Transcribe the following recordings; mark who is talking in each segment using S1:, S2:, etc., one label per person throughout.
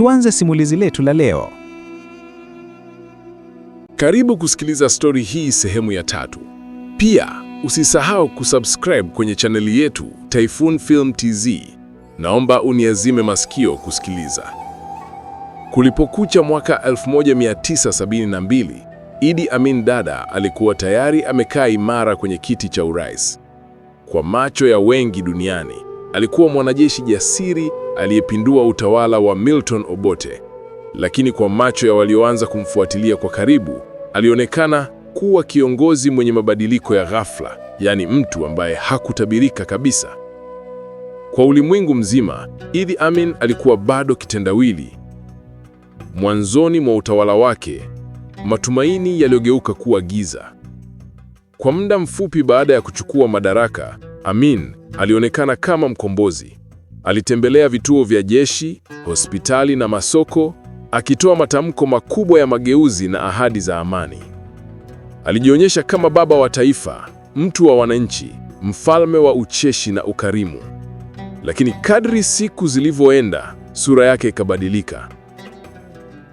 S1: Tuanze simulizi letu la leo.
S2: Karibu kusikiliza stori hii sehemu ya tatu. Pia usisahau kusubscribe kwenye chaneli yetu Typhoon Film TZ. Naomba uniazime masikio kusikiliza. Kulipokucha mwaka 1972, Idi Amin Dada alikuwa tayari amekaa imara kwenye kiti cha urais kwa macho ya wengi duniani. Alikuwa mwanajeshi jasiri aliyepindua utawala wa Milton Obote, lakini kwa macho ya walioanza kumfuatilia kwa karibu, alionekana kuwa kiongozi mwenye mabadiliko ya ghafla, yaani mtu ambaye hakutabirika kabisa. Kwa ulimwengu mzima, Idi Amin alikuwa bado kitendawili. Mwanzoni mwa utawala wake, matumaini yaliyogeuka kuwa giza. Kwa muda mfupi baada ya kuchukua madaraka, Amin Alionekana kama mkombozi. Alitembelea vituo vya jeshi, hospitali na masoko, akitoa matamko makubwa ya mageuzi na ahadi za amani. Alijionyesha kama baba wa taifa, mtu wa wananchi, mfalme wa ucheshi na ukarimu. Lakini kadri siku zilivyoenda, sura yake ikabadilika.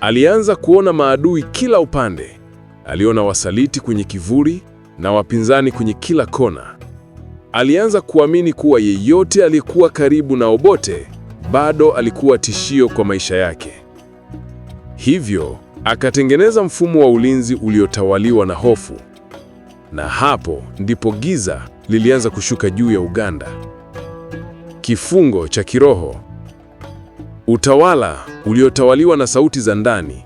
S2: Alianza kuona maadui kila upande. Aliona wasaliti kwenye kivuli na wapinzani kwenye kila kona. Alianza kuamini kuwa yeyote aliyekuwa karibu na Obote bado alikuwa tishio kwa maisha yake. Hivyo akatengeneza mfumo wa ulinzi uliotawaliwa na hofu, na hapo ndipo giza lilianza kushuka juu ya Uganda. Kifungo cha kiroho, utawala uliotawaliwa na sauti za ndani.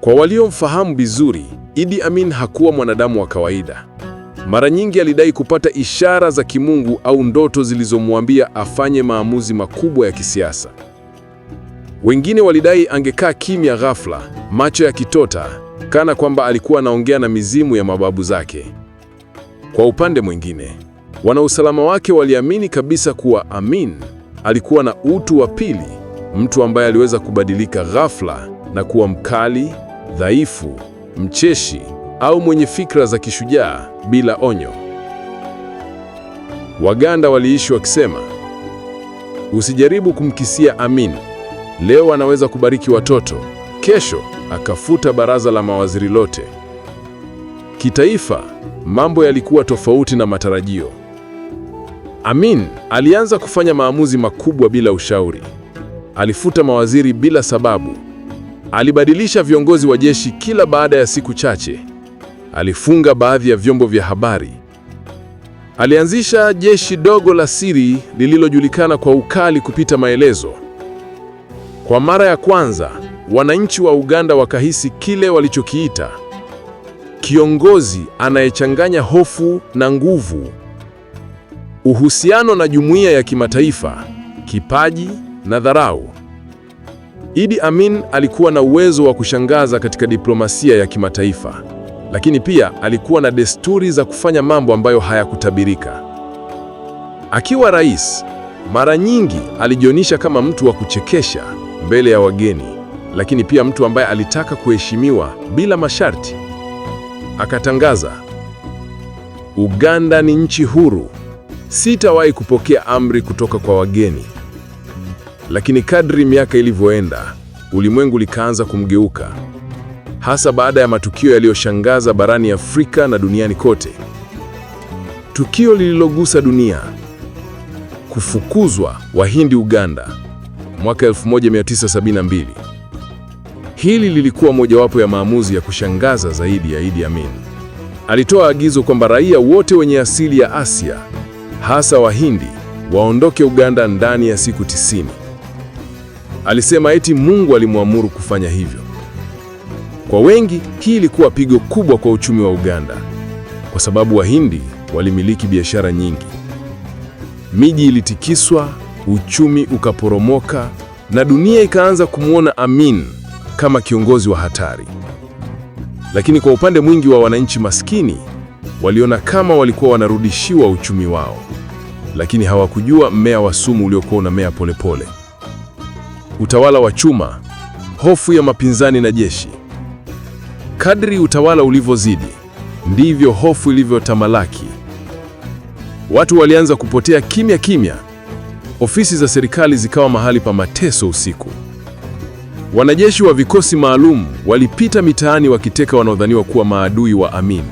S2: Kwa waliomfahamu vizuri, Idi Amin hakuwa mwanadamu wa kawaida. Mara nyingi alidai kupata ishara za kimungu au ndoto zilizomwambia afanye maamuzi makubwa ya kisiasa. Wengine walidai angekaa kimya ghafla, macho ya kitota kana kwamba alikuwa anaongea na mizimu ya mababu zake. Kwa upande mwingine, wanausalama wake waliamini kabisa kuwa Amin alikuwa na utu wa pili, mtu ambaye aliweza kubadilika ghafla na kuwa mkali, dhaifu, mcheshi au mwenye fikra za kishujaa bila onyo. Waganda waliishi wakisema, usijaribu kumkisia Amin, leo anaweza kubariki watoto, kesho akafuta baraza la mawaziri lote. Kitaifa, mambo yalikuwa tofauti na matarajio. Amin alianza kufanya maamuzi makubwa bila ushauri. Alifuta mawaziri bila sababu. Alibadilisha viongozi wa jeshi kila baada ya siku chache alifunga baadhi ya vyombo vya habari. Alianzisha jeshi dogo la siri lililojulikana kwa ukali kupita maelezo. Kwa mara ya kwanza, wananchi wa Uganda wakahisi kile walichokiita kiongozi anayechanganya hofu na nguvu. Uhusiano na jumuiya ya kimataifa, kipaji na dharau. Idi Amin alikuwa na uwezo wa kushangaza katika diplomasia ya kimataifa lakini pia alikuwa na desturi za kufanya mambo ambayo hayakutabirika. Akiwa rais, mara nyingi alijionyesha kama mtu wa kuchekesha mbele ya wageni, lakini pia mtu ambaye alitaka kuheshimiwa bila masharti. Akatangaza, Uganda ni nchi huru, sitawahi kupokea amri kutoka kwa wageni. Lakini kadri miaka ilivyoenda, ulimwengu likaanza kumgeuka hasa baada ya matukio yaliyoshangaza barani Afrika na duniani kote. Tukio lililogusa dunia: kufukuzwa Wahindi Uganda mwaka 1972. Hili lilikuwa mojawapo ya maamuzi ya kushangaza zaidi ya Idi Amin. Alitoa agizo kwamba raia wote wenye asili ya Asia, hasa Wahindi, waondoke Uganda ndani ya siku tisini. Alisema eti Mungu alimwamuru kufanya hivyo. Kwa wengi hii ilikuwa pigo kubwa kwa uchumi wa Uganda, kwa sababu Wahindi walimiliki biashara nyingi. Miji ilitikiswa, uchumi ukaporomoka, na dunia ikaanza kumwona Amin kama kiongozi wa hatari. Lakini kwa upande mwingi wa wananchi maskini waliona kama walikuwa wanarudishiwa uchumi wao, lakini hawakujua mmea wa sumu uliokuwa unamea polepole. Utawala wa chuma, hofu ya mapinzani na jeshi Kadri utawala ulivyozidi, ndivyo hofu ilivyotamalaki. Watu walianza kupotea kimya kimya. Ofisi za serikali zikawa mahali pa mateso usiku. Wanajeshi wa vikosi maalum walipita mitaani wakiteka wanaodhaniwa kuwa maadui wa Amin.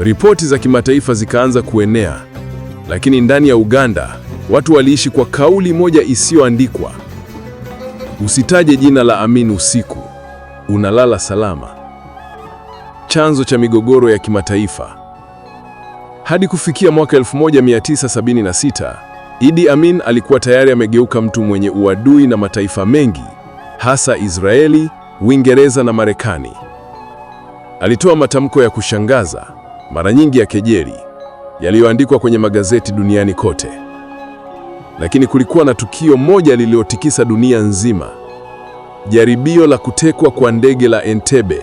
S2: Ripoti za kimataifa zikaanza kuenea, lakini ndani ya Uganda watu waliishi kwa kauli moja isiyoandikwa: usitaje jina la Amin usiku unalala salama. Chanzo cha migogoro ya kimataifa. Hadi kufikia mwaka 1976, Idi Amin alikuwa tayari amegeuka mtu mwenye uadui na mataifa mengi, hasa Israeli, Uingereza na Marekani. Alitoa matamko ya kushangaza, mara nyingi ya kejeli, yaliyoandikwa kwenye magazeti duniani kote. Lakini kulikuwa na tukio moja lililotikisa dunia nzima jaribio la kutekwa kwa ndege la Entebbe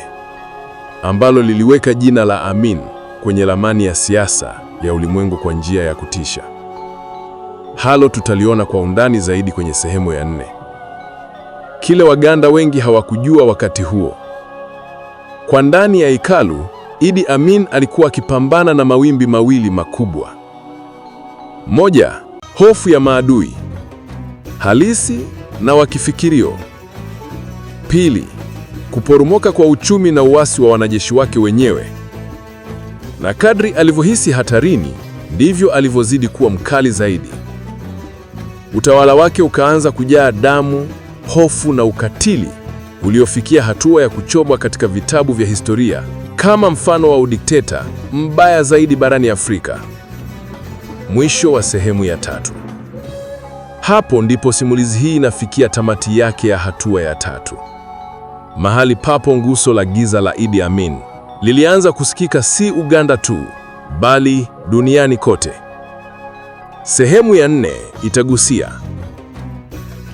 S2: ambalo liliweka jina la Amin kwenye ramani ya siasa ya ulimwengu kwa njia ya kutisha. Halo tutaliona kwa undani zaidi kwenye sehemu ya nne. Kile Waganda wengi hawakujua wakati huo. Kwa ndani ya ikalu, Idi Amin alikuwa akipambana na mawimbi mawili makubwa. Moja, hofu ya maadui halisi na wakifikirio Pili, kuporomoka kwa uchumi na uasi wa wanajeshi wake wenyewe. Na kadri alivyohisi hatarini, ndivyo alivyozidi kuwa mkali zaidi. Utawala wake ukaanza kujaa damu, hofu na ukatili uliofikia hatua ya kuchomwa katika vitabu vya historia kama mfano wa udikteta mbaya zaidi barani Afrika. Mwisho wa sehemu ya tatu. Hapo ndipo simulizi hii inafikia tamati yake ya hatua ya tatu. Mahali papo nguso la giza la Idi Amin lilianza kusikika si Uganda tu, bali duniani kote. Sehemu ya nne itagusia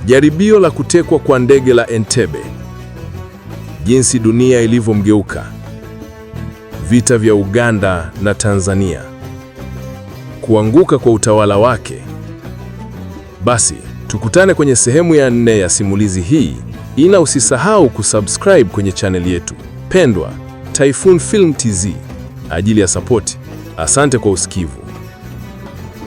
S2: jaribio la kutekwa kwa ndege la Entebbe, jinsi dunia ilivyomgeuka, vita vya Uganda na Tanzania, kuanguka kwa utawala wake. Basi tukutane kwenye sehemu ya nne ya simulizi hii ila usisahau kusubscribe kwenye chaneli yetu pendwa Typhoon Film TZ ajili ya sapoti. Asante kwa usikivu.